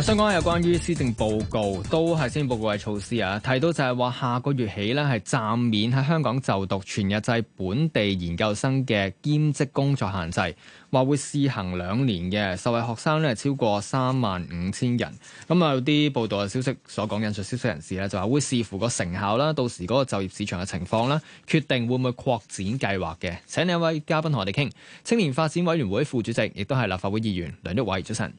相關有關於施政報告，都係施政報告嘅措施啊，提到就係話下個月起咧係暫免喺香港就讀全日制本地研究生嘅兼職工作限制，話會試行兩年嘅受惠學生咧超過三萬五千人。咁、嗯、啊，有啲報道嘅消息所講引述消息人士咧就話會視乎個成效啦，到時嗰個就業市場嘅情況啦，決定會唔會擴展計劃嘅。請另一位嘉賓同我哋傾青年發展委員會副主席，亦都係立法會議員梁毓偉，早晨。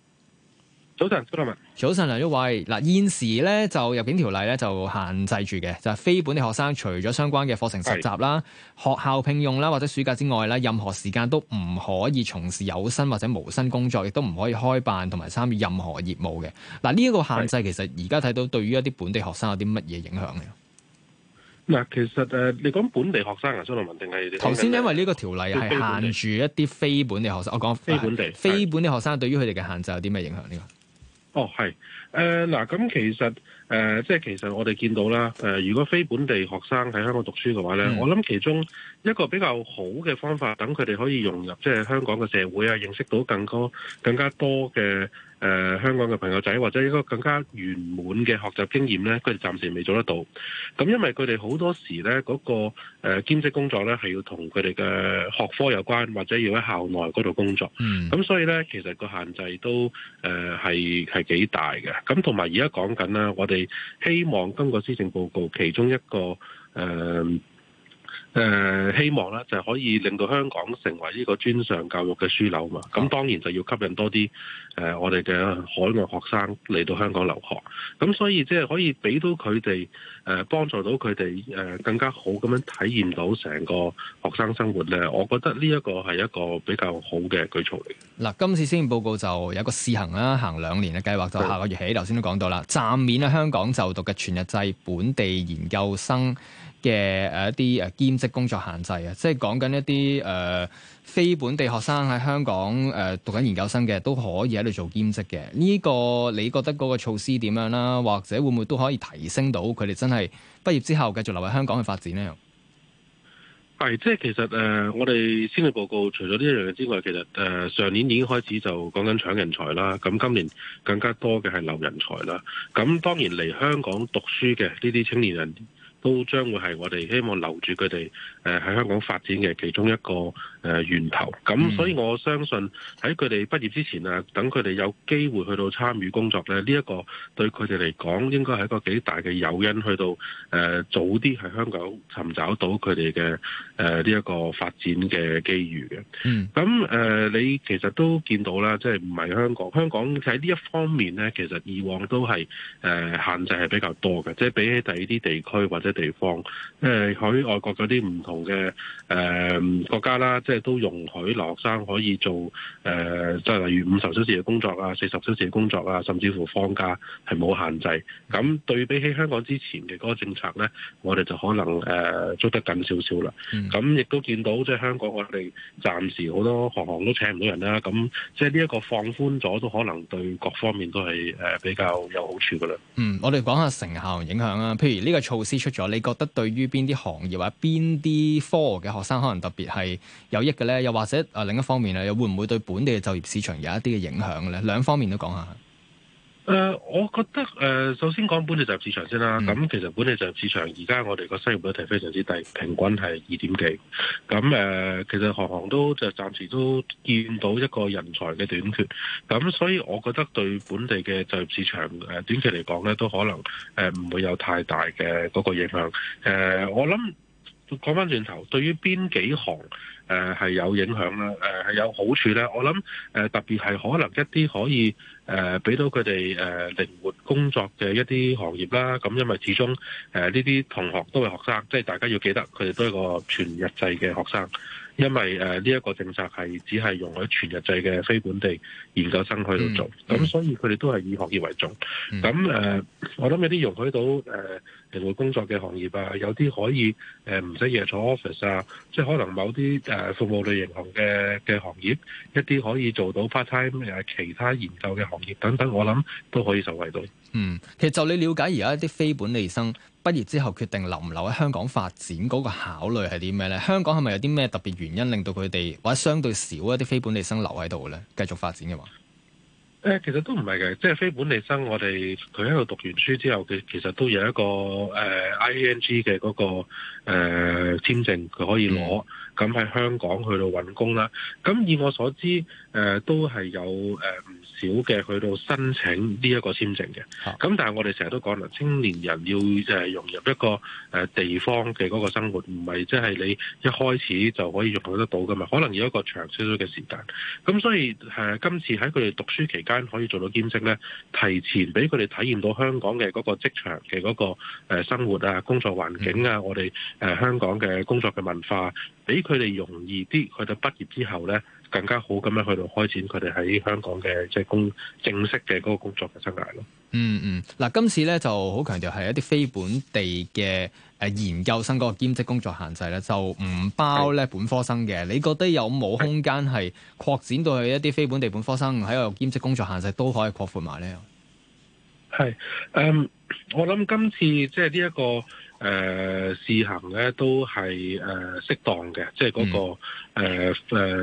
早晨，朱立文。早晨，梁毓偉。嗱，現時咧就入境條例咧就限制住嘅，就係、是、非本地學生除咗相關嘅課程實習啦、的學校聘用啦或者暑假之外啦，任何時間都唔可以從事有薪或者無薪工作，亦都唔可以開辦同埋參與任何業務嘅。嗱，呢一個限制其實而家睇到對於一啲本地學生有啲乜嘢影響咧？嗱，其實誒，你講本地學生啊，朱立文，定係頭先，因為呢個條例係限住一啲非本地學生。我講非本地，非本地學生對於佢哋嘅限制有啲咩影響呢個？哦，係，誒、呃、嗱，咁其實誒，即、呃、係其實我哋見到啦，誒、呃，如果非本地學生喺香港讀書嘅話咧，嗯、我諗其中一個比較好嘅方法，等佢哋可以融入即係、就是、香港嘅社會啊，認識到更多更加多嘅。誒、呃、香港嘅朋友仔，或者一個更加圓滿嘅學習經驗咧，佢哋暫時未做得到。咁因為佢哋好多時咧，嗰、嗰個、呃、兼職工作咧，係要同佢哋嘅學科有關，或者要喺校內嗰度工作。嗯，咁所以咧，其實個限制都誒係係幾大嘅。咁同埋而家講緊啦，我哋希望今個施政報告其中一個誒。呃誒、呃，希望咧就可以令到香港成為呢個專上教育嘅樞紐嘛，咁當然就要吸引多啲，誒、呃，我哋嘅海外學生嚟到香港留學，咁所以即係可以俾到佢哋，誒、呃，幫助到佢哋、呃，更加好咁樣體驗到成個學生生活咧。我覺得呢一個係一個比較好嘅舉措嚟。嗱，今次施政報告就有個試行啦，行兩年嘅計劃，就下個月起，頭先都講到啦，暫免喺香港就讀嘅全日制非本地研究生。嘅誒一啲誒兼職工作限制啊，即係講緊一啲誒、呃、非本地學生喺香港誒、呃、讀緊研究生嘅都可以喺度做兼職嘅。呢、這個你覺得嗰個措施點樣啦？或者會唔會都可以提升到佢哋真係畢業之後繼續留喺香港嘅發展呢？係即係其實誒、呃，我哋施政報告除咗呢一樣嘢之外，其實誒、呃、上年已經開始就講緊搶人才啦。咁今年更加多嘅係留人才啦。咁當然嚟香港讀書嘅呢啲青年人。都將會係我哋希望留住佢哋，誒喺香港發展嘅其中一個誒源頭，咁所以我相信喺佢哋畢業之前啊，等佢哋有機會去到參與工作咧，呢、這個、一個對佢哋嚟講應該係一個幾大嘅誘因，去到誒、呃、早啲喺香港尋找到佢哋嘅誒呢一個發展嘅機遇嘅。嗯，咁誒、呃、你其實都見到啦，即係唔係香港，香港喺呢一方面咧，其實以往都係誒、呃、限制係比較多嘅，即係比起第二啲地區或者地方，即係喺外國嗰啲唔同嘅誒、呃、國家啦。即係都容許留學生可以做誒，即、呃、係例如五十小時嘅工作啊，四十小時嘅工作啊，甚至乎放假係冇限制。咁對比起香港之前嘅嗰個政策呢，我哋就可能誒、呃、捉得緊少少啦。咁亦、嗯、都見到即係香港，我哋暫時好多行行都請唔到人啦。咁即係呢一個放寬咗，都可能對各方面都係誒比較有好處㗎啦。嗯，我哋講下成效影響啊。譬如呢個措施出咗，你覺得對於邊啲行業或者邊啲科嘅學生，可能特別係有有益嘅咧，又或者啊，另一方面咧，又會唔會對本地嘅就業市場有一啲嘅影響咧？兩方面都講下。誒、呃，我覺得誒、呃，首先講本地就業市場先啦。咁、嗯、其實本地就業市場而家我哋個失業率係非常之低，平均係二點幾。咁、嗯、誒、呃，其實行行都就暫時都見到一個人才嘅短缺。咁、嗯、所以我覺得對本地嘅就業市場誒、呃，短期嚟講咧，都可能誒唔、呃、會有太大嘅嗰個影響。誒、呃，我諗。講翻轉頭，對於邊幾行誒係有影響咧？誒係有好處咧？我諗誒特別係可能一啲可以誒俾到佢哋誒靈活工作嘅一啲行業啦。咁因為始終誒呢啲同學都係學生，即係大家要記得佢哋都係一個全日制嘅學生。因為誒呢一個政策係只係容許全日制嘅非本地研究生去到做，咁、嗯、所以佢哋都係以學業為重。咁誒、嗯，嗯、我諗有啲容許到誒社會工作嘅行業啊，有啲可以誒唔使夜坐 office 啊，即係可能某啲服務類型行嘅嘅行業，一啲可以做到 part time 其他研究嘅行業等等，我諗都可以受惠到。嗯，其實就你了解而家一啲非本地生，畢業之後決定留唔留喺香港發展嗰、那個考慮係啲咩呢？香港係咪有啲咩特別原因令到佢哋或者相對少的一啲非本地生留喺度呢？繼續發展嘅話，誒，其實都唔係嘅，即係非本地生我們，我哋佢喺度讀完書之後，佢其實都有一個誒 IANG 嘅嗰、那個誒、呃、簽證，佢可以攞。嗯咁喺香港去到揾工啦，咁以我所知，誒都係有誒唔少嘅去到申請呢一個簽證嘅。咁但係我哋成日都講啦，青年人要誒融入一個誒地方嘅嗰個生活，唔係即係你一開始就可以融入得到噶嘛，可能要一個長少少嘅時間。咁所以誒今次喺佢哋讀書期間可以做到兼職咧，提前俾佢哋體驗到香港嘅嗰個職場嘅嗰個誒生活啊、工作環境啊、我哋誒香港嘅工作嘅文化，俾。佢哋容易啲，佢哋畢業之後咧，更加好咁樣去到開展佢哋喺香港嘅即係工正式嘅嗰個工作嘅生涯咯、嗯。嗯嗯，嗱，今次咧就好強調係一啲非本地嘅誒研究生嗰個兼職工作限制咧，就唔包咧本科生嘅。是你覺得有冇空間係擴展到去一啲非本地本科生喺度兼職工作限制都可以擴闊埋咧？係誒。嗯我諗今次即係、這個呃、呢一個誒試行咧，都係誒適當嘅，即係嗰、那個誒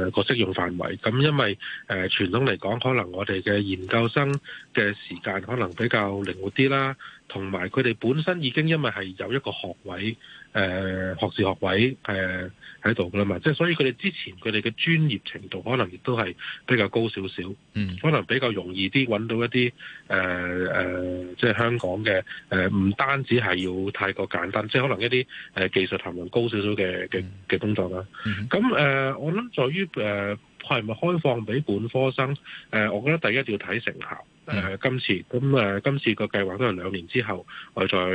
誒個適用範圍。咁因為誒傳、呃、統嚟講，可能我哋嘅研究生嘅時間可能比較靈活啲啦，同埋佢哋本身已經因為係有一個學位誒、呃、學士學位誒喺度噶啦嘛，即、呃、係所以佢哋之前佢哋嘅專業程度可能亦都係比較高少少，嗯，可能比較容易啲揾到一啲誒誒即係香港嘅。誒，唔、呃、單止係要太過簡單，即係可能一啲誒、呃、技術含量高少少嘅嘅嘅工作啦。咁誒、嗯哼呃，我諗在於誒，係、呃、咪開放俾本科生？誒、呃，我覺得第一要睇成效。誒、嗯呃、今次咁誒、嗯、今次個計劃都係兩年之後，我再要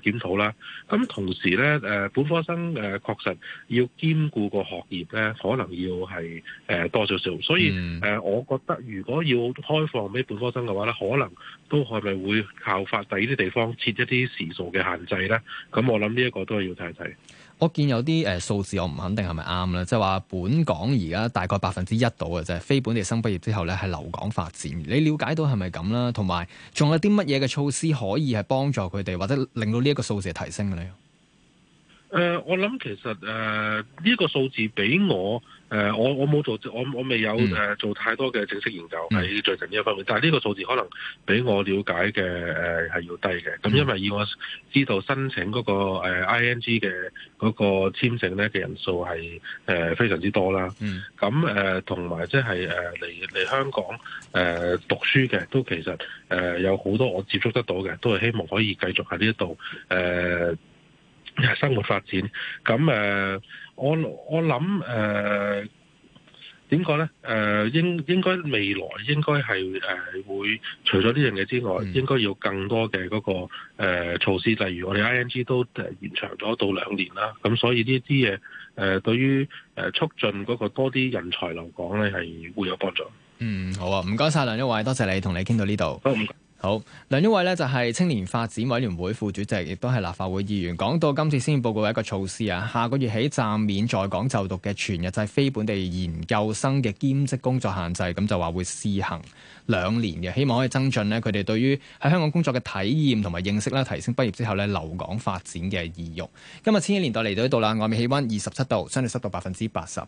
檢討啦。咁、嗯、同時咧，誒本科生誒確實要兼顧個學業咧，可能要係誒、呃、多少少。所以誒、呃，我覺得如果要開放俾本科生嘅話咧，可能都係咪會靠法第啲地方設一啲時數嘅限制咧？咁、嗯、我諗呢一個都係要睇睇。我見有啲誒數字，我唔肯定係咪啱啦。即係話本港而家大概百分之一度嘅就係，非本地生畢業之後咧，係留港發展。你了解到係咪？咁啦，同埋仲有啲乜嘢嘅措施可以係幫助佢哋，或者令到呢一個數字提升嘅咧？誒、呃，我諗其實誒呢、呃這個數字比我誒、呃，我我冇做，我我未有、呃、做太多嘅正式研究喺、嗯、最近呢一方面，但係呢個數字可能比我了解嘅誒係要低嘅。咁、嗯嗯、因為以我知道申請嗰、那個、呃、ING 嘅嗰個簽證咧嘅人數係誒非常之多啦。咁誒同埋即係誒嚟嚟香港誒、呃、讀書嘅都其實誒、呃、有好多我接觸得到嘅，都係希望可以繼續喺呢一度誒。生活發展，咁誒，我我諗誒點講咧？誒、呃、應、呃、應該未來應該係誒會除咗呢樣嘢之外，嗯、應該要更多嘅嗰、嗰個、呃、措施，例如我哋 ING 都延長咗到兩年啦。咁所以呢啲嘢誒，對於誒促進嗰個多啲人才流港咧，係會有幫助。嗯，好啊，唔該晒梁毓偉，多謝，謝你同你傾到呢度。好好，梁毓偉咧就係青年發展委員會副主席，亦都係立法會議員。講到今次施政報告一個措施啊，下個月起暫免在港就讀嘅全日制非本地研究生嘅兼職工作限制，咁就話會試行兩年嘅，希望可以增進呢佢哋對於喺香港工作嘅體驗同埋認識啦，提升畢業之後咧留港發展嘅意欲。今日千禧年代嚟到呢度啦，外面氣溫二十七度，相對濕度百分之八十。